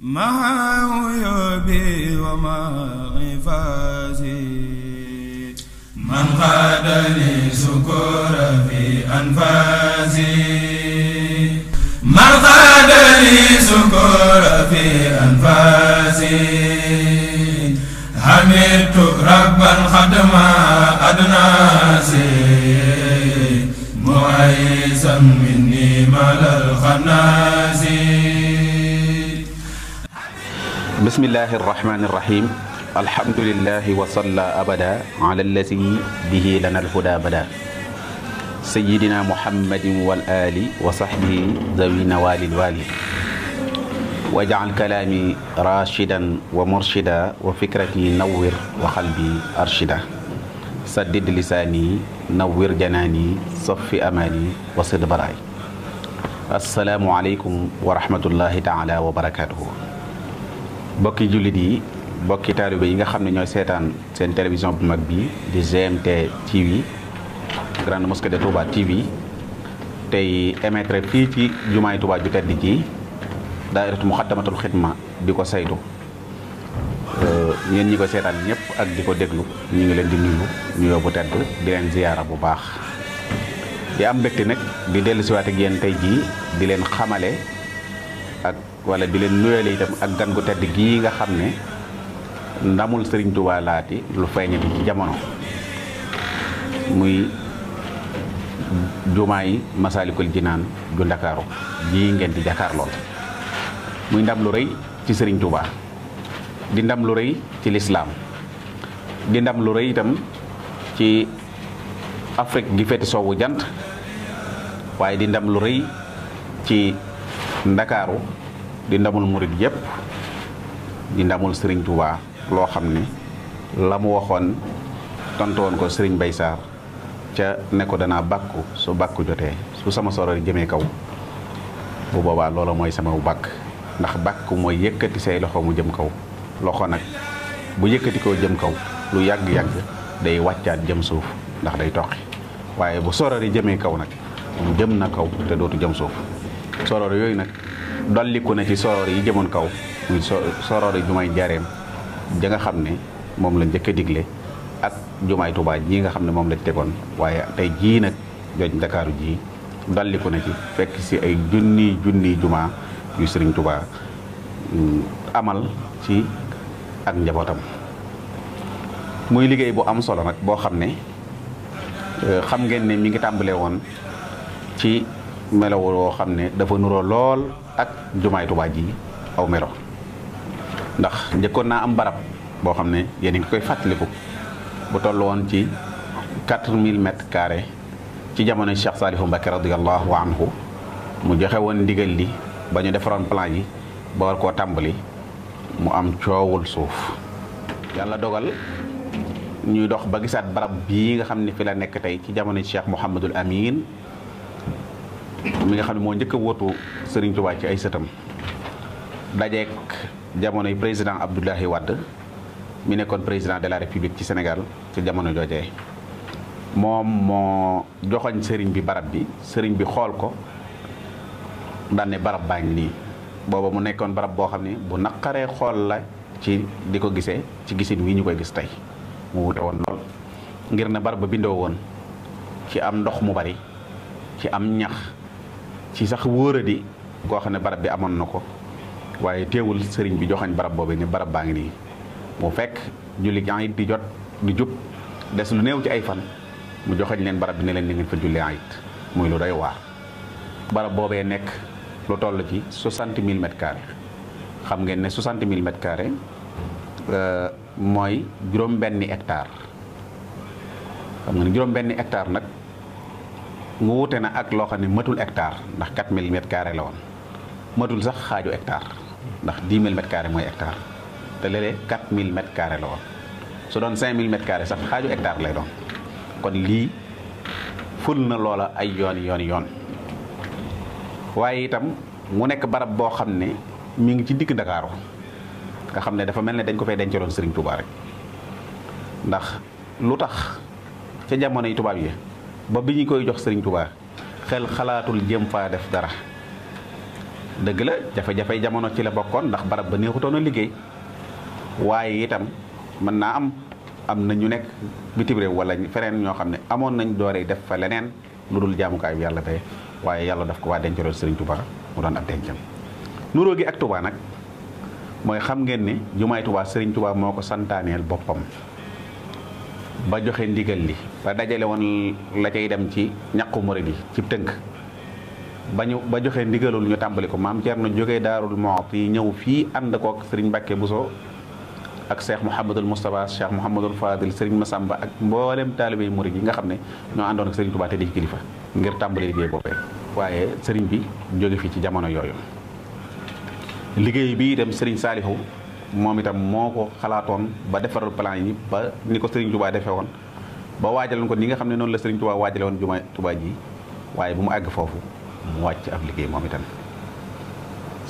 مع عيوبي ومع غفازي من قادني سكور في أنفاسي من قادني سكور في أنفاسي حمدت ربا خدم أدناسي معيسا مني مال الخناس بسم الله الرحمن الرحيم الحمد لله وصلى أبدا على الذي به لنا الهدى بدا سيدنا محمد والآل وصحبه ذوي نوال الوالي واجعل كلامي راشدا ومرشدا وفكرتي نور وقلبي أرشدا سدد لساني نور جناني صف أماني وصد براي السلام عليكم ورحمة الله تعالى وبركاته bokki jullit yi bokki taalibe yi nga xam ne ñooy seetaan seen télévision bu mag bi di GMT TV Grande Mosquée de Touba TV tey émettre fii ci jumaay Touba ju tedd ji daayiratu Muxaddamatul Xidma di ko saytu euh, ñeen ñi ko seetaan ñëpp ak di ko déglu ñu ngi leen di nuyu nuyoo bu tedd di leen ziyaara bu baax di am mbégte nag di dellu siwaat ak yéen tey jii di leen xamale ak wala di len nuyale itam ak gan gu tedd gi nga xamne ndamul serigne touba lati lu feeñati ci jamono muy jumaa masalikul jinan du dakaro gi ngeen di dakar lol muy ndam lu rëy ci serigne touba di ndam lu rëy ci l'islam di ndam lu rëy itam ci Afrique gi fete sowu jant waye di ndam lu rëy ci ndakaaru di ndamul murit yépp di ndamul Serigne Touba loo xam ni la mu waxoon tontu woon ko sëriñ bay Sarr ca ne ko danaa bàkku su bàkku jotee su sama soror jëmee kaw bu boobaa loola mooy sama bàkk ndax bàkk mooy yëkkati say loxo mu jëm kaw loxo nag bu yëkkati koo jëm kaw lu yàgg-yàgg day wàccaat jëm suuf ndax day toqi waaye bu soror yi jëmee kaw nag jëm na kaw te dootu jëm suuf soror yooyu nag dolliku na ci soroor yi jëmoon kaw muy soroor yi jumaay njaareem ja nga xam ne moom la njëkk a digle ak jumaay tubaa ji nga xam ne moom la ci tegoon waaye tey jii nag joj ndakaaru ji dolliku na ci fekk si ay junniy junni jumaa yu Sëriñ Tuubaa mm, amal ci ak njabootam muy liggéey bu am solo nag boo xam ne euh, xam ngeen ne mi ngi tàmbalee woon ci melaw woo xam ne dafa nuroo lool ak jumaay tuba ji aw mero ndax njëkkoon na am barab bo xamne ne ngi koy fàttaliku bu tollu won ci 4000 mètres carrés ci jamono Cheikh salih mbake radhiyallahu anhu mu joxe won digel li bañu defaron plan yi ba war ko tambali mu am ciowul suuf yalla dogal ñuy dox ba gisat barab bi nga xam fi la nek tay ci jamono Cheikh mohammedul Amin mi nga xam ne moo njëkk a wóotu Serigne Touba ci ay sëtam dajeek yi président Abdoulaye Wade mi nekkoon président de la république ci Sénégal ci jamono joojee moom moo joxoñ sëriñ bi barab bi sëriñ bi xool ko daan ne barab baa ngi nii booba mu nekkoon barab boo xam ne bu naqaree xool la ci di ko gisee ci gisin wi ñu koy gis tey mu wute woon lool ngir ne barab ba bindoo woon ci am ndox mu bari ci am ñax ci sax wóoradi goo xam ne barab bi amoon na ko waaye teewul sëriñ bi joxañ barab boobee ne barab baa ngi nii mu fekk julli ayit di jot di jub des lu néew ci ay fan mu joxañ leen barab bi ne leen ni ngeen fa julli ayit muy lu doy waar barab boobee nekk lu toll ci 60 000 mètres carrés xam ngeen ne 60 000 mètres carrés euh, mooy juróom benni hectare xam ngeen juróom benni hectare nag mu wuute na ak loo xam ne matul hectare ndax 4000 mètres carrés la woon matul sax xaaju hectare ndax 10 000 mètres carrés mooy hectare te léeg-léeg 4000 mètres carrés la woon su doon 5000 mètres carrés sax xaaju hectare lay doon kon lii ful na loola ay yoon yoon yoon waaye itam mu nekk barab boo xam ne mu ngi ci dikk Ndakaaru nga xam ne dafa mel ne dañ ko fay dencaloon Serigne Touba rek ndax lu tax ca jamonoy tubaab yi. ba bi ñu koy jox sëriñ Touba xel xalaatul jëm faa def dara dëgg la jafe-jafe jamono ci la bokkoon ndax barab ba neexutoon a liggéey waaye itam mën naa am am na ñu nekk bitim réew wala feneen ñoo xam ne amoon nañ dooree def fa leneen lu dul jaamukaayu yàlla bee waaye yàlla daf ko waa dencaloon sëriñ Touba mu doon ab dencam. nuróo gi ak Touba nag mooy xam ngeen ne jumaay Touba sëriñ Touba moo ko santaaneel boppam. ba joxe ndigal li ba dajale woon la cay dem ci ñaqu murid yi ci tënk ba ñu ba joxe ndigalul ñu tàmbali ko maam na jóge Thierno jógee Daarul Muxti ñëw fii ànd koog sëriñ Mbacke Bousso ak Cheikh Mouhamadul Moustapha Cheikh Mouhamadul Fadil sëriñ Massamba ak mboolem taalibey murid yi nga xam ne ñoo àndoon ak sëriñ Touba di kilifa ngir tàmbali liggéey boobee waaye sëriñ bi jóge fii ci jamono yooyu liggéey bi dem sëriñ Saalihu moom itam moo ko xalaatoon ba defaral plan yi ba ni ko Serigne Touba defee woon ba waajaloon ko ni nga xam ne noonu la Serigne Touba waajale woon jumaa Touba ji waaye bu mu àgg foofu mu wàcc ab liggéey moom itam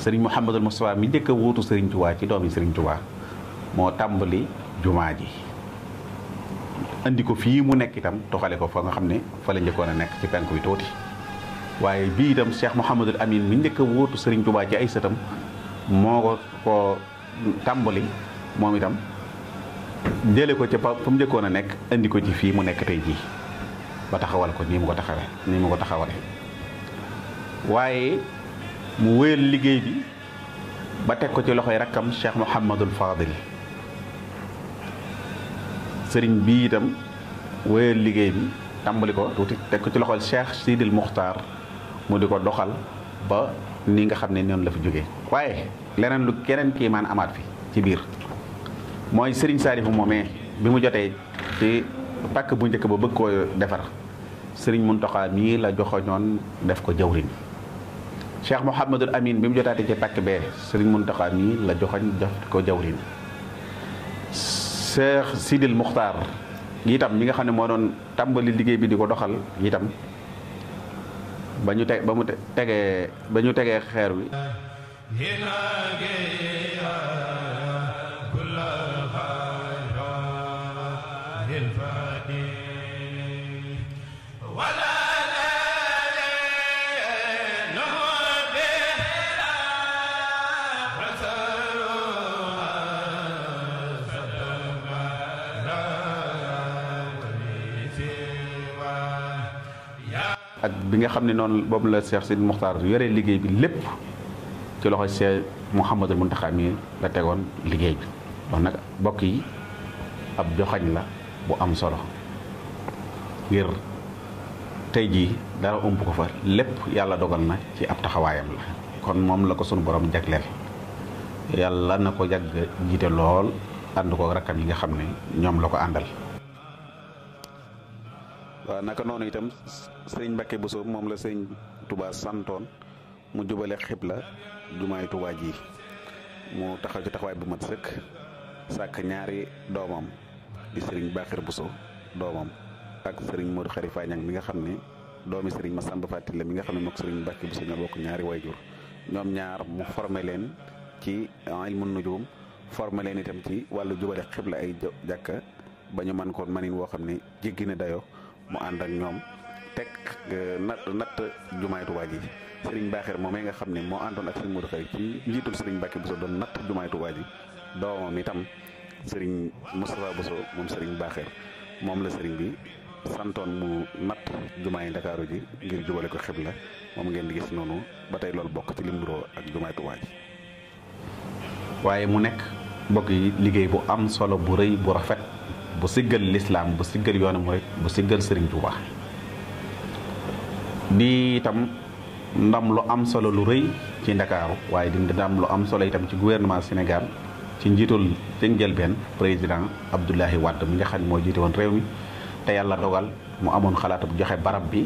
Serigne Mouhamadul Moustapha mi njëkk a wuutu Serigne Touba ci doomi Serigne Touba moo tàmbali jumaa ji andi ko fii mu nekk itam toxale ko fa nga xam ne fa la njëkkoon a nekk ci penk bi tuuti waaye bii itam Cheikh Mouhamadul Amin mi njëkk a wuutu Serigne Touba ci ay sëtam ko tàmbali moom itam jële ko ca pa fa a nekk indi ko ci fii mu nekk tey jii ba taxawal ko nii mu ko taxawe nii mu ko taxawale waaye mu wéyal liggéey bi ba teg ko ci loxoy rakkam Cheikh Mouhamadul Fadil sëriñ bii itam wéyal liggéey bi tàmbali ko tuuti teg ko ci loxol Cheikh Sidil Muxtaar mu di ko doxal ba ni nga xam ne noonu la fi jógee waaye lenen lu kenen ki man amat fi ci bir moy Serigne salifu momé bi mu joté ci tak bu dëkk ba bëgg ko défar Serigne muntaha mi la joxoñoon def ko jawrin Cheikh mohammedul Amin bi mu jotaté ci tak bé Serigne muntaha mi la joxoñ def ko jawrin Cheikh Sidil Muxtaar itam mi nga xamné mo doon tambali liggéey bi di doxal itam ba ñu te ba mu tegee ba wi ak bi nga xam ne noonu boobu la Cheikh Sidi Mokhtar yore liggéey bi lépp ci loxo Cheikh Mouhamadul Mountakha mi la tegoon liggéey bi loolu nag bokk yi ab joxañ la bu am solo ngir tey jii dara ëmb ko fa lépp yàlla dogal na ci ab taxawaayam la kon moom la ko sunu borom jagleel yàlla na ko yàgg jiite lool ànd ko rakkam yi nga xam ne ñoom la ko àndal waaw naka noonu itam sëriñ Mbacke Bousso moom la sëriñ Touba santoon mu jubale xibla jumaay Tuubaa ji mu taxaw ci taxawaay bu mat sëkk sàkk ñaari doomam di sëriñ Bakir Bousso doomam ak sëriñ moo Modou Khary Fagnang mi nga xam ne doomi sëriñ Massamba Faty la mi nga xam ne mook sëriñ Bakir Bousso ñoo bokk ñaari wayjur ñoom ñaar mu formé leen ci ilmu nujum formé leen itam ci wàllu jubale xibla ay jàkka ba ñu man koon manin woo xam ne jéggi na dayo mu ànd ak ñoom teg euh, natt natt jumaay Tuubaa ji sëriñ Baaxeer moom yi nga xam ne moo àndoon ak sëriñ Modou Khari ci njiitul sëriñ Mbàkke Bousso doon natt jumaay Tuubaa ji doomam itam sëriñ Moustapha Bousso moom sëriñ Baaxeer moom la sëriñ bi santoon mu natt jumaay Ndakaaru ji ngir jubale ko la moom ngeen di si noonu ba tey loolu bokk ci limburoo ak jumaay Tuubaa ji waaye mu nekk mbokk yi liggéey bu am solo bu rëy bu rafet bu siggal lislaam bu siggal yoonu murit bu siggal sëriñ Tuubaa di itam ndam lu am solo lu rëy ci ndakaaru waaye di ndam lu am solo itam ci gouvernement Sénégal ci njiitul ca njëlbeen président Abdoulaye Wade mi nga xam ne moo jiite woon réew mi te yàlla dogal mu amoon xalaatu joxe barab bi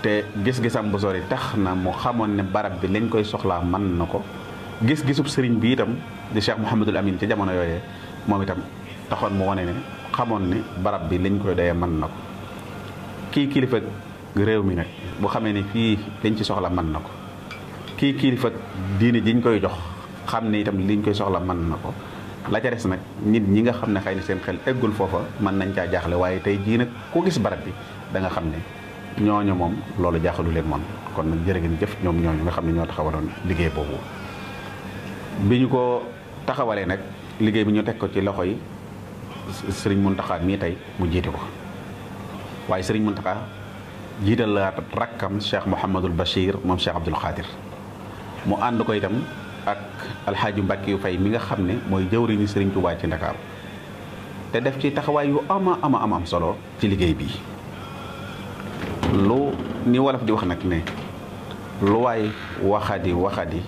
te gis-gisam bu sori tax na mu xamoon ne barab bi lañ koy soxlaa man na ko gis-gisub sëriñ bi itam di Cheikh Mouhamadul Amin ci jamono yooyee moom itam taxoon mu wane ne xamoon ne barab bi lañ koy doyee mën na ko kii kilifa réew mi nag bu xamee ni fii dañ ci soxla man na ko kii kilifa diine jiñ koy jox xam ne itam liñ koy soxla mën na ko la ca des nag nit ñi nga xam ne xay na seen xel eggul foofa mën nañ caa jaaxle waaye tey jii nag ku gis barab bi da xam ne ñooñu moom loolu jaaxalu leen moom kon nag jërë ngeen jëf ñoom ñooñu nga xam ne ñoo taxawaloon liggéey boobu bi ñu ko taxawalee nag liggéey bi ñu teg ko ci loxo yi sëriñ Muntaxa mii tey mu jiite ko waaye sëriñ jiitalaat rakkam cheikh Mouhamadul Bachir moom cheikh Abdoul Khadir mu ànd ko itam ak yu Mbàkke yu fay mi nga xam ne mooy jëwriñu Sëriñ Tuubaa ci Ndakaaru te def ci taxawaay yu ama ama am am solo ci liggéey bi lu ni wolof di wax nag ne lu waay waxadi waxadi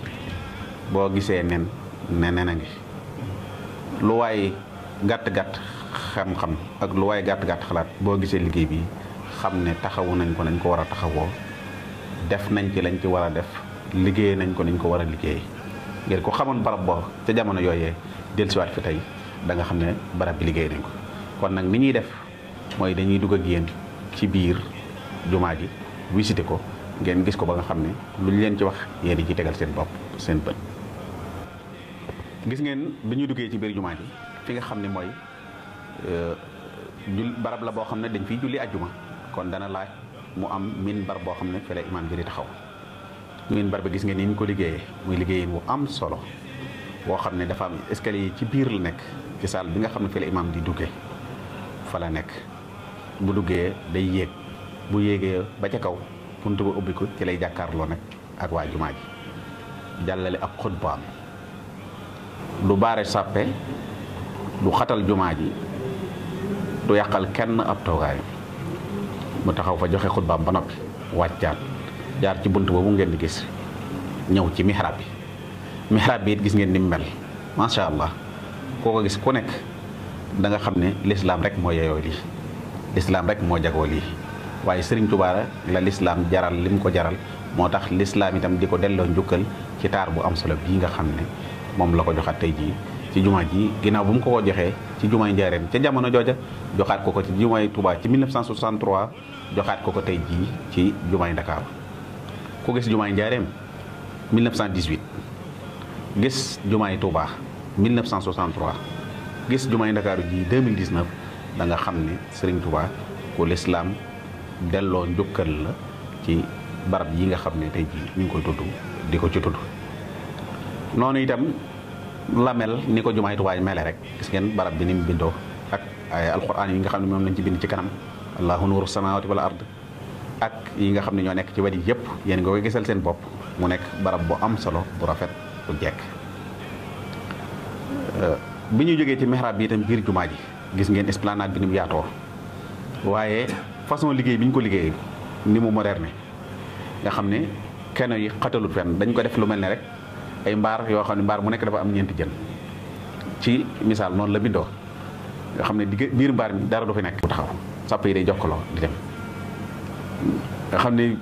boo gisee nen ne nen a ngi lu waay gàtt gàtt xam-xam ak lu waay gàtt gàtt xalaat boo gisee liggéey bi xamne taxawu nañ ko nañ ko wara a def nañ ci lañ ci wara def liggéey nañ ko nañ ko wara a liggéey ngir ko xamone barab bo ci jamono ci wat fi tay da nga xamne barab bi liggéey nañ ko kon nak ni ñi def moy dañuy dugg ak yeen ci biir jumaa ji visité ko ngeen gis ko ba nga xamne lu ñu leen ci wax yeen ci tegal seen bop seen bët gis ngeen bi ñu duggee ci biir jumaa ji fi nga xamne moy euh barab la bo xamne dañ fi julli aljuma kon dana laaj mu am minbar boo xam ne fële imaam ji di taxaw bar bi gis nga ni ñu ko liggéeyee muy liggéeyin mu am solo boo xam ne dafa am escalier yi ci biir la nekk ci salle bi nga xam ne fële imaam di duggee fa la nekk bu duggee day yéeg bu yéegee ba ca kaw bunt ba ubbi ko ci lay jàkkaarloo nag ak waa jumaa ji jàllale ab xutbaam du baare sàppe du xatal jumaa ji du yàqal kenn ab toogaayam mu taxaw fa joxe xutbaam ba noppi wàccaat jaar ci bunt boobu ngeen di gis ñëw ci mihrab bi mihrab bi it gis ngeen ni mu mel macha allah koo ko gis ku nekk da nga xam ne lislaam rek moo yeyoo lii lislaam rek moo jagoo lii waaye Sëriñ Tuubaa la lislaam jaral li mu ko jaral moo tax lislaam itam di ko delloo njukkal ci taar bu am solo bii nga xam ne moom la ko joxaat tey jii ci jumaa ji ginnaaw bu mu ko ko joxee ci jumaay njaareem ca jamono jooja joxaat ko ko ci jumaay Touba ci 1963 joxaat ko ko tey jii ci jumaay Dakar ku gis jumaay njaareem 1918 gis jumaay Touba 1963 gis jumaay Dakar ji 2019 da nga xam ni Serigne Touba ku lislaam delloo njukkal la ci barab yi nga xam ne tey jii ñu ngi tudd di ko ci tudd noonu itam. Lamel, mel ni ko jumaay tubaay mele rek gis ngeen barab bi nim bindo ak ay alquran yi nga xam mom lañ ci bind ci kanam allahun nuru samaawati wal ard ak yi nga xam ño nek ci wadi yep yeen nga koy gisal seen bop mu nek barab bu am solo bu rafet bu jek euh, bi ñu jógee ci mihrab bi tam bir jumaa ji gis ngeen esplanade bi nim yaato waye façon liggéey biñ ko liggéey ni mu moderne nga xamne keno yi xatalu fen dañ ko def lu rek ay mbaar yoo xam ne mbaar mu nekk dafa am ñeenti jën ci misaal noonu la bindoo nga xam ne digg biir mbaar mi dara du fi nekk bu taxaw sàpp yi day jokkaloo di dem nga xam ne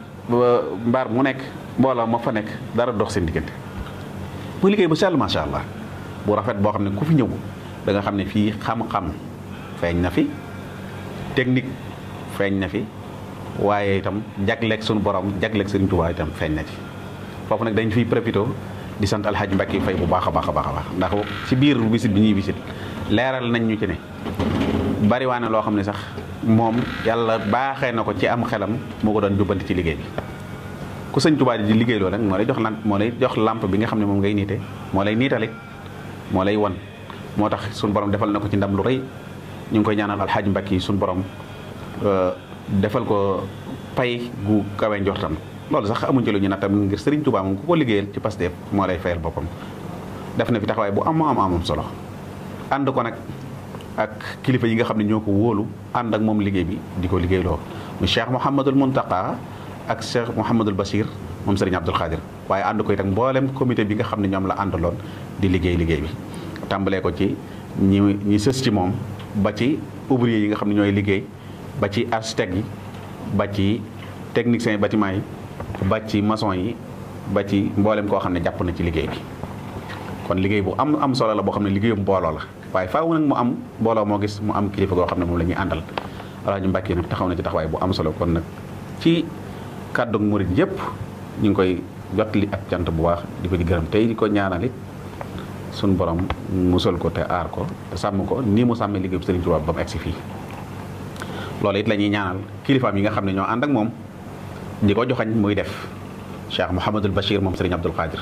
mbaar mu nekk mbooloo ma fa nekk dara dox seen diggante muy liggéey bu sell macha allah bu rafet boo xam ne ku fi ñëw danga xam ne fii xam-xam feeñ na fi technique feeñ na fi waaye itam jagleeg suñu borom jagleeg Sëriñ Tuubaa itam feeñ na ci foofu nag dañ fiy profité di sant alxaaji Mbàkke Fay bu baax a baax a baax a baax ndax ci biir wisit bi ñuy wisit leeral nañ ñu ci ne bari waane loo xam ne sax moom yàlla baaxee na ko ci am xelam moo ko doon jubbanti ci liggéey bi ku sëñ Tuubaa di liggéey loolu rek moo lay jox lamp moo lay jox lamp bi nga xam ne moom ngay niite moo lay niitalit moo lay won moo tax suñu borom defal na ko ci ndam lu rëy ñu ngi koy ñaanal alxaaji Mbàkke yi suñu borom euh, defal ko pay gu kawe njortam lolu sax amuñ ci lu ñu nattam ngir Serigne Touba moom ku ko liggéeyal ci pass Pastef mo lay fayal bopam def na fi taxaway bu am am amum solo and ko nak ak kilifa yi nga xamni ñoko wolu and ak mom liggéey bi diko liggéey lo mu Cheikh mohammedul muntaka ak Cheikh mohammedul basir mom Serigne Abdoul Khadir waye and ko itam mbollem comité bi nga xamni ñom la andalon di liggéey liggéey bi tambalé ko ci ñi ñi seuss ci mom ba ci ouvrier yi nga xamni ñoy liggéey ba ci architecte yi ba ci technicien bâtiment yi ba ci maçon yi ba ci mboolem koo xam ne jàpp na ci liggéey bi kon liggéey bu am am solo la boo xam ne liggéeyu mbooloo la waaye faaw nag mu am mbooloo moo gis mu am kilifa goo xam ne moom la ñuy àndal Alaaji Mbàkke nag taxaw na ci taxawaay am solo kon nag ci kàddu murit yëpp ñu ngi koy jottali ak cant bu baax di ko di gërëm tey di ko ñaanalit suñ borom musal ko te aar sàmm ko nii mu sàmmee liggéey bu Sëriñ Tuubaa ba mu egsi fii loolu it lañuy ñaanal kilifaam yi nga xam ne ñoo ànd ak moom di ko joxañ muy def Cheikh Mouhamadul Bachir moom Serigne Abdoul Khadir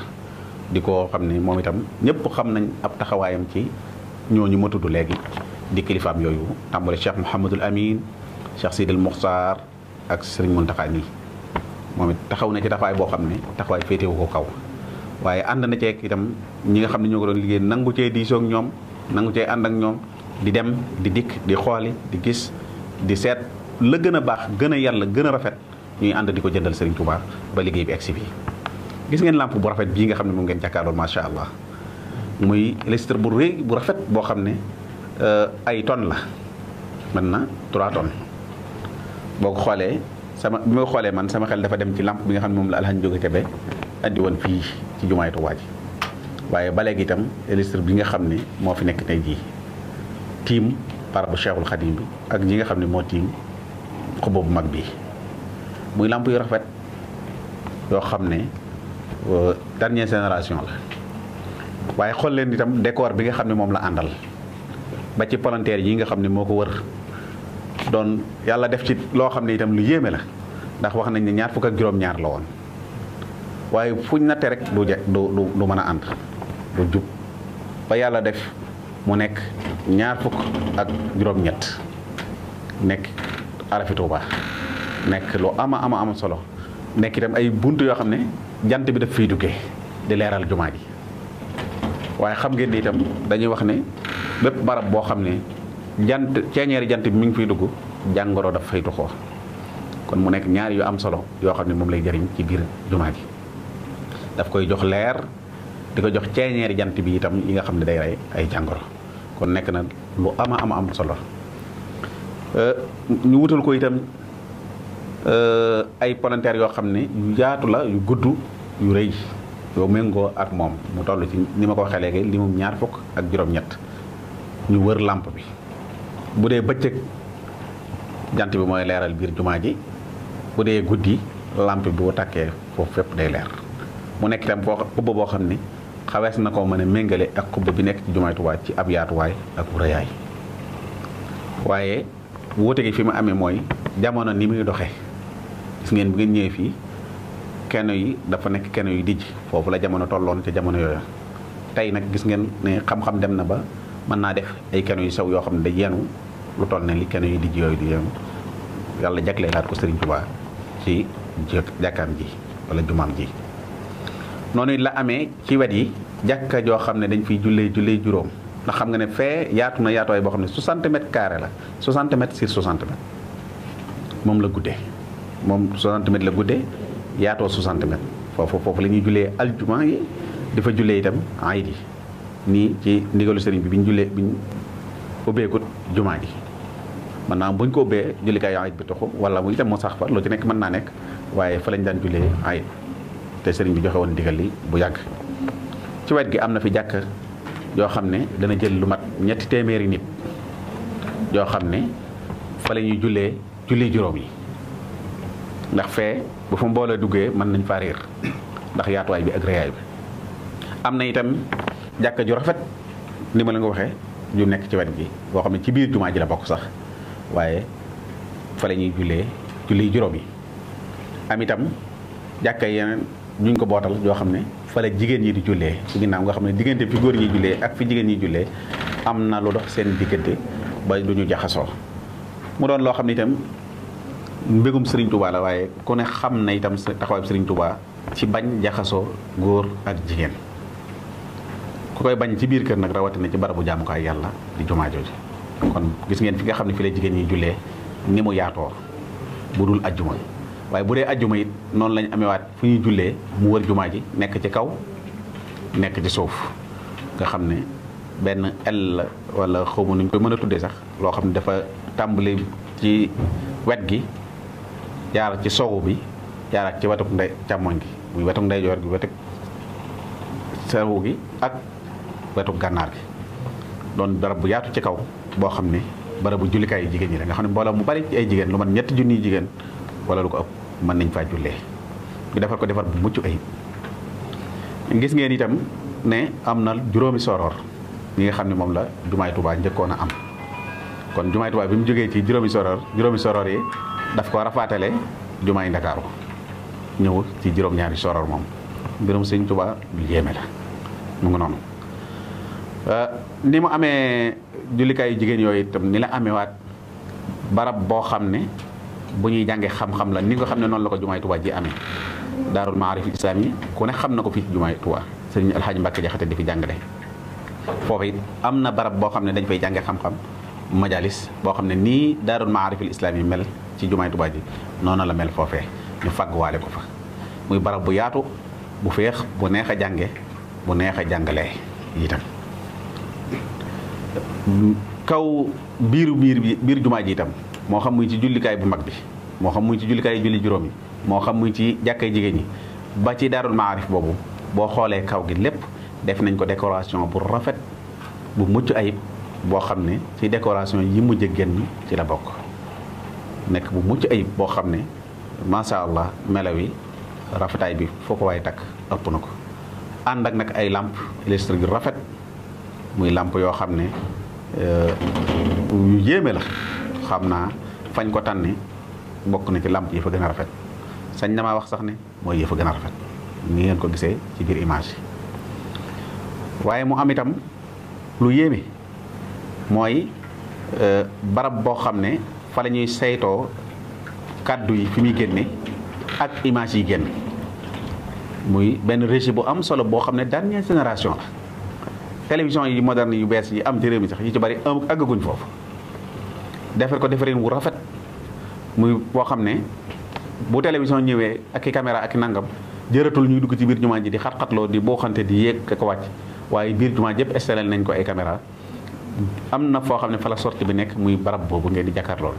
di ko xam ne moom itam ñëpp xam nañ ab taxawaayam ci ñooñu ma tudd léegi di kilifaam yooyu tàmbale Cheikh Mouhamadul Amin Cheikh Sidil Muxtaar ak Serigne Mountakha nii moom it taxaw na ci taxawaay boo xam ne taxawaay féetewu ko kaw waaye ànd na ceeg itam ñi nga xam ne ñoo ko doon liggéey nangu cee diisoo ak ñoom nangu cee ànd ak ñoom di dem di dikk di xooli di gis di seet la gën a baax gën a yàlla gën a rafet ñuy and diko jëndal Serigne Touba ba liggéey bi exi bi gis ngeen lampe bu rafet bi nga xamne mo ngeen jakkalo ma sha allah muy litre bu reuy bu rafet bo xamne euh ay tonne la man na 3 tonne boko xolé sama bima xolé man sama xel dafa dem ci lampe bi nga xamne mom la alhan joge tebe andi won fi ci jumaay Touba ji waaye ba léegi tam litre bi nga xamne mo fi nek tay ji tim par bu Cheikhul Khadim bi ak ñi nga xamne mo tim ko bobu mag bi muy lamp yu rafet yo xamne euh dernière génération la waye xol leen itam décor bi nga xamne mom la andal ba ci volontaire yi nga xamne moko wër don yalla def ci lo xamne itam lu yéme la ndax wax nañ ni ñaar fuk ak juroom ñaar la won waye fuñ natte rek du du du mëna and du jup ba yalla def mu nek ñaar fuk ak juróom-ñett nekk arafi Tuuba nekk lu ama ama ama solo nekk itam ay bunt yoo xam ne jant bi daf fiy duggee di leeral jumaa ji waaye xam ngeen ni itam dañuy wax ne bépp barab boo xam ne jant ceeñeeri jant bi mu ngi fiy dugg jàngoro daf fay tuxoo kon mu nekk ñaari yu am solo yoo xam ne moom lay jëriñ ci biir jumaa ji daf koy jox leer di ko jox ceeñeeri jant bi itam yi nga xam ne day rey ay jàngoro kon nekk na lu ama ama am solo ñu wutal ko itam Euh, ay palanteer yoo xam ne yu yaatu la yu gudd yu rëy yoo méngoo ak moom mu toll ci ni ma ko waxee léegi li mum ñaar fukk ak juróom-ñett ñu wër làmp bi bu dee bëccëg jant bi mooy leeral biir jumaa ji bu dee guddi làmp bi bu takkee foofu fépp day leer mu nekk itam foo xubba boo xam ni xawees na ko mën a méngale ak xubba bi nekk ci jumaay Tuubaa ci ab yaatuwaay ak rëyaay waaye wuute gi fi mu amee mooy jamono ni muy doxee gis ngeen bu ngeen ñëwee fii keno yi dafa nekk keno yi dijj foofu la jamono tolloon ca jamono yooyu tey nag gis ngeen ne xam-xam dem na ba mën naa def ay keno yu sew yoo xam ne day yenu lu toll ne li keno yi dijj yooyu di yenu yàlla jagleelaat ko Serigne Touba ci jàkkaam ji wala jumaam ji noonu la amee ci wet yi jàkka joo xam ne dañ fiy jullee jullee juróom ndax xam nga ne fee yaatu na yaatuwaay boo xam ne 60 mètres carré la 60 mètres sur moom la guddee moom 60 mètres la guddee yaatoo 60 mètres foofu foofu lañuy ñuy jullee aljuma yi dafa jullee itam ayit yi nii ci ndigalu sëriñ bi bi ñu jullee bi ñu ubbeekut jumaa ji mën naa bu ko ubbee jullikaay ayit bi toxu wala mu itam moo sax fa loolu ci nekk mën naa nekk waaye fa lañ daan jullee ayit te sëriñ bi joxe woon ndigal li bu yàgg ci wet gi am na fi jàkk yoo xam ne dana jël lu mat ñetti téeméeri nit yoo xam ne fa la ñuy jullee julli juróom yi ndax fee bu fa mbooloo duggee man nañ faa réer ndax yaatuwaay bi ak réyaay bi am na itam jàkka ju rafet ni ma la nga waxee ju nekk ci wet gi boo xam ne ci biir jumaa ji la bokk sax waaye fa la ñuy jullee julli juróom yi am itam jàkka yeneen ñu ko bootal yoo xam ne fa jigéen ñi di jullee su ginnaaw nga xam ne diggante fi góor ñi jullee ak fi jigéen ñi jullee am na lu dox seen diggante ba du ñu jaxasoo mu doon loo xam ne itam mbégum sëriñ Touba la waaye ku ne xam na itam taxawaayub Serigne Touba ci bañ jaxasoo góor ak jigéen ku koy bañ ci biir kër nag rawatina ci barabu jaamukaay yàlla di jumaa jooju kon gis ngeen fi nga xam ne fi la jigéen yi jullee ni mu yaatoo bu dul ajjuma waaye bu dee ajjuma it noonu lañ amewaat fu ñuy jullee mu wër jumaa ji nekk ci kaw nekk ci suuf nga xam ne benn el la wala xawma nuñ koy mën a tuddee sax loo xam ne dafa tàmbali ci wet gi yaarak ci sowu bi yaarak ci wetuk ndey càmmoñ gi muy wetuk ndeyjoor gi wetuk sowu gi ak wetuk gànnaar gi doon barab bu yaatu ci kaw boo xam ne barabu jullikaay jigéen ñi la nga xam ne mbooloo mu bari ay jigéen lu man ñett junniy jigéen wala lu ko ëpp mën nañ faa jullee ñu defar ko defar bu mucc ay gis ngeen itam ne am na juróomi soroor ñi nga xam ne moom la jumaay Tuubaa njëkkoon a am kon jumaay Tuubaa bi mu jógee ci juróomi soroor juróomi soroo yi daf ko rafaatale jumaay ndakaaru ñëw ci juróom-ñaari soror moom mbirum sëñ Tuubaa lu yéeme la mu ngi noonu euh, ni mu amee jullikaayu jigéen yooyu itam ni la amewaat barab boo xam ne bu ñuy jàngee xam-xam la ni nga xam ne noonu la ko jumaay Tuubaa ji amee daarul maarif islam yi ku xam na ko fii ci jumaay Tuubaa sëñ Alxaaji Mbàkke Jaxate di fi jàngale foofu it am na barab boo xam ne dañ fay jàngee xam-xam majalis boo xam ne nii daarul maarifil islam yi mel ci jumaay Tuubaa ji noonu la mel foofee ñu fàggwaale ko fa muy barab bu yaatu bu feex bu neex a jànge bu neex a jàngalee itam kaw biiru biir bi biir jumaa ji itam moo xam muy ci jullikaay bu mag bi moo xam muy ci jullikaay julli juróom moo xam ci jàkkay jigéen ñi ba ci daarul maarif boobu boo xoolee kaw gi lépp def nañ ko décoration bu rafet bu mucc ayib boo xam ne ci décoration yi mujj génn ci la bokk nek bu mucc ayib bo xamne ne sha allah melawi rafetay bi foko way tak takk ëpp na ko ak nak ay lamp électrique rafet muy lamp yo xamne euh yu yeme la xamna naa fañ ko tanne bokku ne ci lamp yi fa gëna rafet sañ dama wax sax ne moy yi fa gëna rafet ni ngeen ko gisee ci bir image waye mu am itam lu moy euh barab bo xamne fa la ñuy saytoo kàddu yi fi muy génne ak image yi génn muy benn régie bu am solo boo xam ne dernière génération la télévision yi moderne yu bees yi am ci réew sax yi ci bari am àggaguñ foofu defar ko defarin wu rafet muy boo xam ne bu télévision ñëwee ak i caméra ak i nangam jëratul ñuy dugg ci biir jumaa ji di xat-xatloo di boo xante di yéeg ko wàcc waaye biir jumaa jëpp installé nañ ko ay caméra am na xamne ne fa la sortie bi nek muy barab bobu ngeen di jàkkaar lool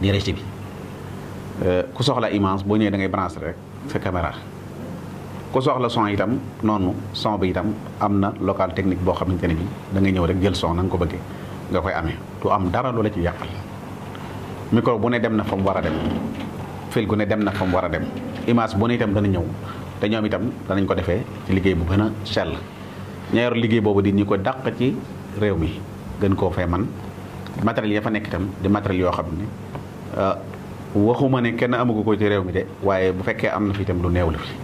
di rëcc bi euh, ku soxla image bo ñëwee da ngay brancher rek sa caméra ku soxla son itam nonu son bi itam am na local technique bo xamante ne bi da ngay ñew rek jël son nang ko bëgge nga koy amé tu am dara la ci yakal micro bu ne dem na fam wara dem fil gu ne dem na fam wara dem image bu ne itam na ñew te ñom itam nañ ko défé ci liggéey bu gëna sel sell liggéey bobu di ñu ko dàq ci réew mi gën koo fee man matériel ya fa nekk itam di matériel yoo xam ne euh, waxuma ne kenn amagu ko ci réew mi de waaye bu fekkee am na fii tam lu néew la fi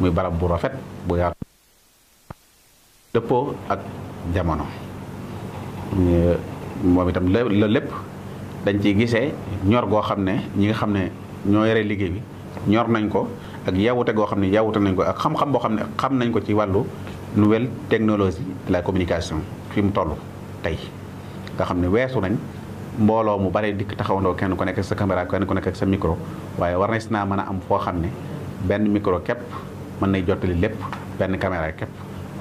muy barab bu rafet bu yaatu dëppoo ak jamono moom itam la lépp dañ ciy gisee ñor goo xam ne ñi nga xam ne ñoo yore liggéey bi ñor nañ ko ak yawute goo xam ne yawute nañ ko ak xam-xam boo xam ne xam nañ ko ci wàllu nouvelle technologie de la communication fi toll tey nga xam ne weesu nañ mbooloo mu bare dikk taxawandoo kenn ku nekk sa caméra kenn ku nekk ak sa micro waaye war na si naa mën a am foo xam ne benn micro képp mën nay jottali lépp benn caméra képp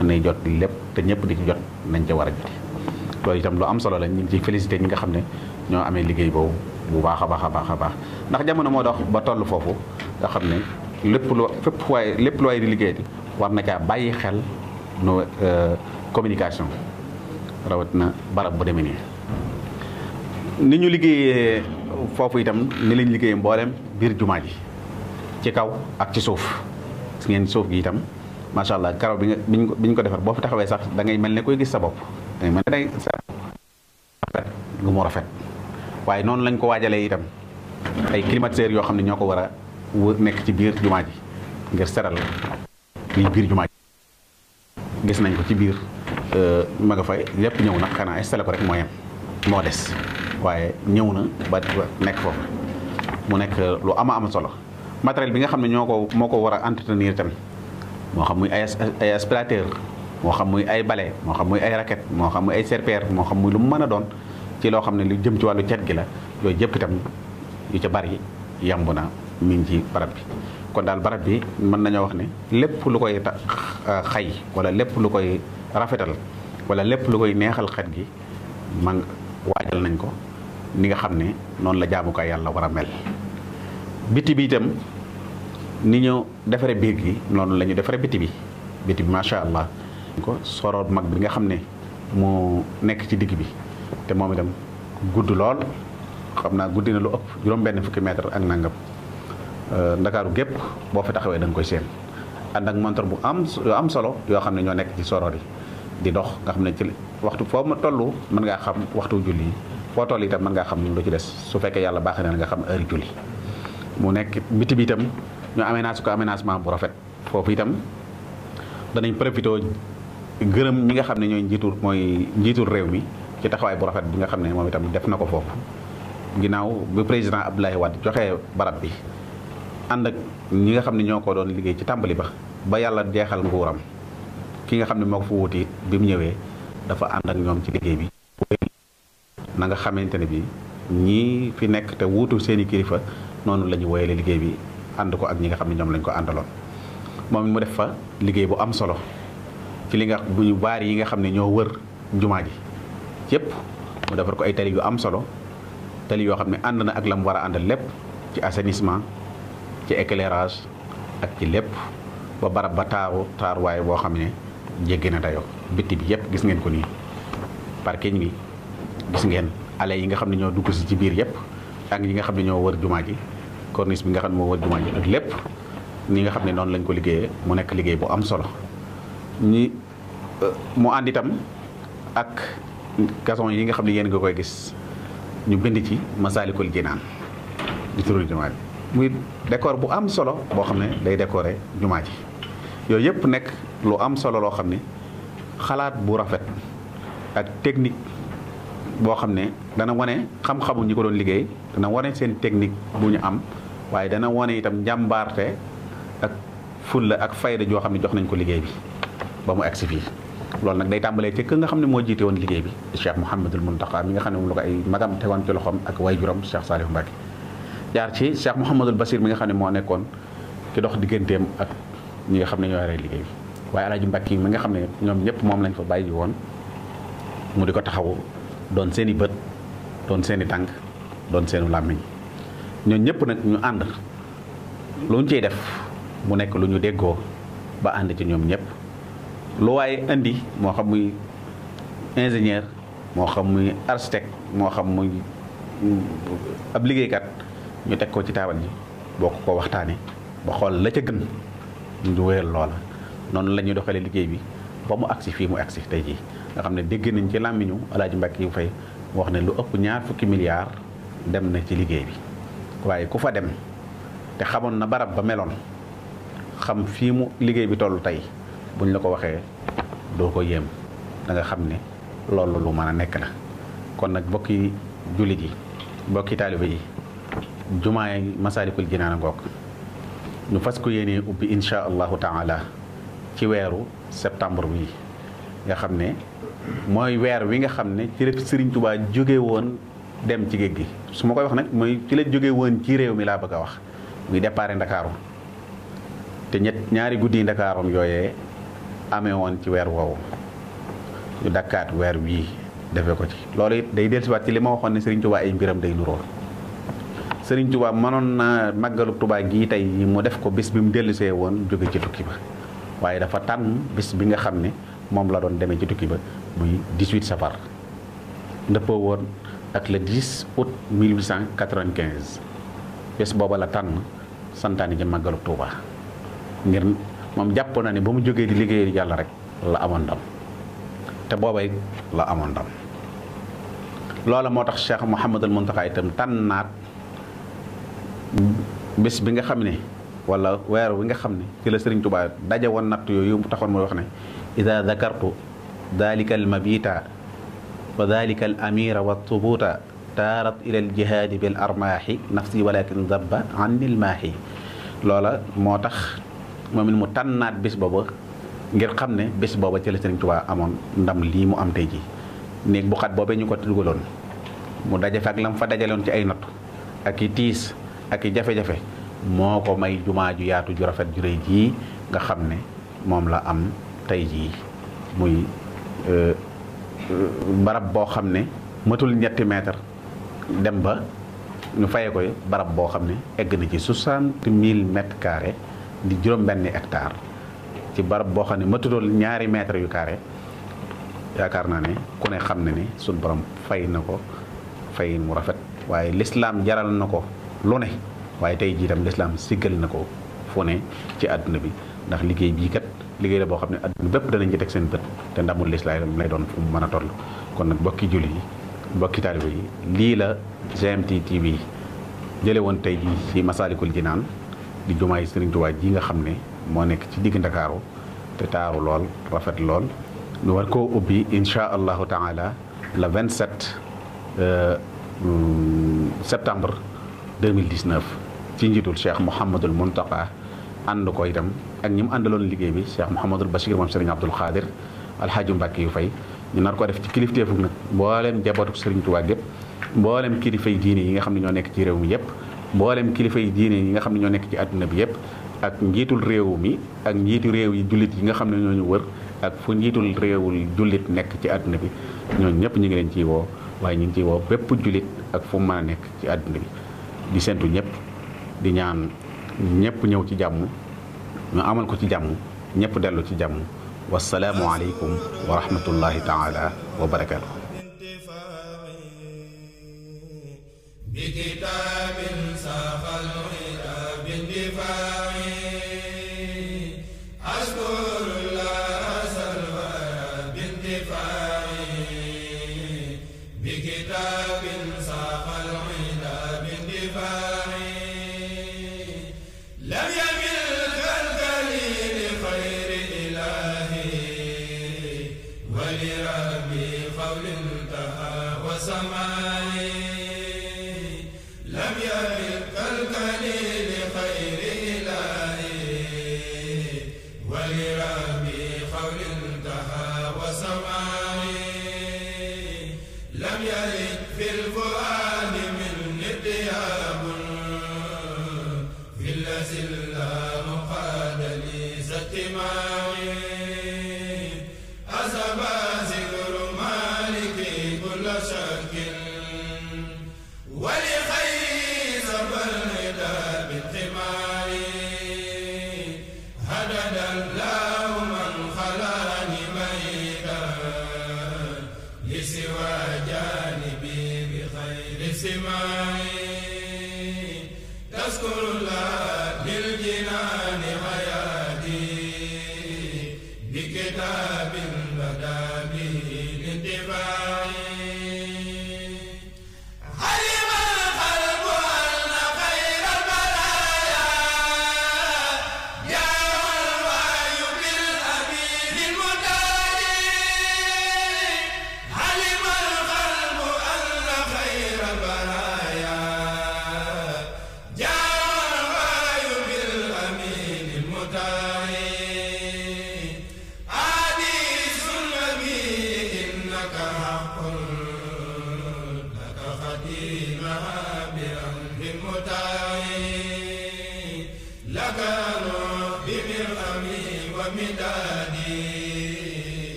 mën nay jottali lépp te ñëpp di ci jot nañ ca war a jot loolu itam lu am solo lañ ñu ngi ciy félicité ñi nga xam ne ñoo amee liggéey boobu bu baax a baax a baax a baax ndax jamono moo dox ba toll foofu nga xam ne lépp lu fépp waaye lépp lu waaye di liggéey di war na caa bàyyi xel no euh, communication rawatina barab bu demee nii. ni ñu liggéeyee foofu itam ni lañ liggéeyee mbooleem biir jumaa ji ci kaw ak ci suuf gis ngeen suuf gi itam macha allah karaw bi nga bi ñu ko defar boo fi taxawee sax da ngay mel ni koy gis sa bopp da ngay rafet mu rafet waaye noonu lañ ko waajalee itam ay climatiseurs yoo xam ne ñoo ko war a wër nekk ci biir jumaa ji ngir seral lii biir jumaa ji gis nañ ko ci biir ma nga fay lépp ñëw na xanaa installé ko rek moo yem moo des waaye ñëw na ba nekk foofu mu nekk lu ama am solo matériel bi nga xam ne ñoo ko moo ko war a entretenir tamit moo xam muy ay ay aspirateur moo xam muy ay bale moo xam muy ay raquette moo xam muy ay serpillère moo xam muy lu mu mën a doon ci loo xam ne lu jëm ci wàllu cet gi la yooyu yëpp tam yu ca bari yamb na mi ngi ci barab bi kon daal barab bi mën nañoo wax ne lépp lu koy xay wala lépp lu koy rafetal wala lépp lu koy neexal xet gi man waajal nañ ko ni nga xam ne noonu la jaamukaay yàlla war a mel biti bi itam ni ñu defaree biir gi noonu lañu defaree biti bi biti bi macha allah ko soroot mag bi nga xam ne mu nekk ci digg bi te moom itam gudd lool xam naa guddi na lu ëpp juróom-benn fukki mètre ak nangam euh, ndakaaru gépp boo fi taxawee da nga koy seen ànd ak montor bu am am solo yoo xam ne ñoo nekk ci soroor yi di dox nga xamne ci waxtu fo ma tollu man nga xam waxtu julli fo tolli tam man nga xam lu ci dess su fekke yalla baaxee na nga xam heure julli mu nek biti bi itam ñu aménage ko aménagement bu rafet fofu itam danañ profito gërëm ñi nga xamne ñoy njitu moy njitu rew mi ci taxaway bu rafet bi nga xamne mom itam def nako fofu ginaaw bi president Abdoulaye wad joxe barab bi and ak ñi nga xamne ñoko doon liggéey ci tambali ba ba yalla jeexal nguuram ki nga xam ne moo ko fa wuti bi mu ñëwee dafa ànd ak ñoom ci liggéey bi na nga xamante ne bi ñii fi nekk te wuutu seen i kilifa noonu la ñu woyale liggéey bi ànd ko ak ñi nga xam ne ñoom lañu ko àndaloon moom mu def fa liggéey bu am solo ci li nga bu ñu baar yi nga xam ne ñoo wër jumaa ji yépp mu defar ko ay tali yu am solo tali yoo xam ne ànd na ak la mu war a àndal lépp ci assainissement ci éclairage ak ci lépp ba barab ba taaru taaruwaay boo xam ne jéggi na biti bitti bi yépp gis ngeen ko ni parking bi gis ngeen allées yi nga xamni ño dugg si ci biir yépp ak yi nga xamni ño wër juma ji corniche bi nga xamni mo wër juma ji ak lépp ni nga xamni non lañ ko liggéey mu nek liggéey bu am solo ni euh, mu ak gazon yi nga xamni yeen nga koy gis ñu bind ci masalikul jinan di turu juma ji muy décor bu am solo bo xamne day décorer juma ji yooyu lu am solo loo xam ne xalaat bu rafet ak technique boo xam ne dana wane xam-xamu ñu ko doon liggéey dana wane seen technique bu ñu am waaye dana wane itam njàmbaarte ak fulla ak fayda joo xam ne jox nañ ko liggéey bi ba mu agsi fii loolu nag xam ne moo jiite liggéey bi Cheikh Mouhamadul Mountakha mi nga xam ne moom la ko ay magam tegoon ci loxoom ak waajuram Cheikh Saliou Mbacké jaar ci Cheikh Mouhamadul Basir mi nga xam ne moo nekkoon ci dox digganteem ak ñi nga xam ne ñoo yore liggéey waaye alaaji mbàkk yi mi nga xam ne ñoom ñëpp moom lañ fa bàyyi woon mu di ko taxawu doon seen i bët doon seen i tànk doon seenu làmmiñ ñoom ñëpp nag ñu ànd lu ñu ciy def mu nekk lu ñu déggoo ba ànd ci ñoom ñëpp lu waaye indi moo xam muy ingénier moo xam muy architecte moo xam muy ab liggéeykat ñu teg ko ci taabal ji boo ko ko waxtaanee ba xool la ca gën ñu wéyal loola noonu la ñuy doxalee liggéey bi ba mu agsi fii mu agsi tey jii nga xam ne dégg nañ ci làmmiñu Alaaji Mbàkke yu fay wax ne lu ëpp ñaar fukki milliards dem na ci liggéey bi waaye ku fa dem te xamoon na barab ba meloon xam fii mu liggéey bi toll tey buñ la ko waxee doo ko yéem da xam ne loolu lu mën a nekk la kon nag mbokki jullit yi mbokki taaliba yi jumaay Masaalikul Jinaan a ngoog ñu fas ko yéenee ubbi insha allahu taala ci weeru septembre bii nga xam ne mooy weer wi nga xam ne ci la Serigne Touba jóge woon dem ci géej gi su ma koy wax nag mooy ci la jóge woon ci réew mi laa bëgg a wax muy départ Ndakaaru te ñett ñaari guddi ndakaaroom yooye amee woon ci weer woowu ñu dakkaat weer wii defee ko ci. loolu it day dellusiwaat ci li ma waxoon ne Serigne Touba ay mbiram day nuróol sëriñ Touba mënoon naa màggalu Touba gii tey mu def ko bis bi mu dellusee woon jóge ci tukki ba. waaye dafa tànn bis bi nga xam ne moom la doon demee ci tukki ba muy 18 safar dëppoo woon ak le 10 août quinze bés booba la tànn santaani ji màggalu Tuuba ngir moom jàpp na ne ba mu jógee di liggéeyal yàlla rek la amoon ndam te boobay la amoon ndam loola moo tax Cheikh Mouhamadul Mountakha itam naat bés bi nga xam ne wala weer wi nga xam ne ci la Sëriñ Tuubaa daje woon natt yooyu mu taxoon mooy wax ne ida dakartu dalika al mabita wa dalika al amira wa tubuta taarat ila al jihaadi bil armaahi nafsi walakin dabba anil maahi loola moo tax moom it mu tànnaat bis booba ngir xam ne bis booba ci la amoon ndam lii mu am te ji néeg bu xat boobe ñu ko dugaloon mu daje fa ak lam fa dajaloon ci ay natt ak i tiis ak jafe-jafe moo ko may jumaa ju yaatu ju rafet ju jii nga xam ne moom la am tey jii muy euh, euh, barab boo xam ne matul ñetti mètre dem ba ñu fayee koy barab boo xam ne egg na ci soixante mille mètres carrés di juróom-benni hectare ci barab boo xam ne matutool ñaari mètres yu carré yaakaar naa ne ku ne xam ne ni suñ borom fay na ko fay mu rafet waaye lislaam jaral na ko lu ne waaye tey jii tam lislaam siggal na ko fu ci àdduna bi ndax liggéey bii kat liggéey la boo xam ne àdduna bépp danañ ci teg seen bët te ndamul lislaam lay doon mu mën a toll kon nag bokki julli yi bokki taalibe yi lii la GMT TV jële woon tey jii ci Masaalikul Jinaan di jumaay Sëriñ Tuubaa ji nga xam ne moo nekk ci digg Ndakaaru te taaru lool rafet lool ñu war koo ubbi insha allahu taala le 27 euh, mm, septembre 2019 ci njiitul cheikh Mouhamadul Mountakha ànd koy itam ak ñi mu liggéey bi cheikh Mouhamadul Bachir moom Serigne Abdoul Khadir alxaaji Mbàkke yu fay ñu nar ko def ci kilifteefu nag mboolem njabootu Serigne Touba gépp mboolem kilifa yi diine yi nga xam ne ñoo nekk ci réew mi yëpp mboolem kilifa yi diine yi nga xam ne ñoo nekk ci àdduna bi yëpp ak njiitul réew mi ak njiitu réew yi jullit yi nga xam ne ñoo ñu wër ak fu njiitul réewul jullit nekk ci àdduna bi ñooñu ñëpp ñu ngi leen ciy woo waaye ñu ngi ciy woo bépp jullit ak fu mu mën nekk ci àdduna bi di sentu ñëpp di ñaan ñëpp ñëw ci jàmm ñu amal ko ci jàmm ñépp dellu ci jàmm wasalaamu aleykum wa rahmatullahi taala wa barakaatu bi kitaabin saxal bi siwa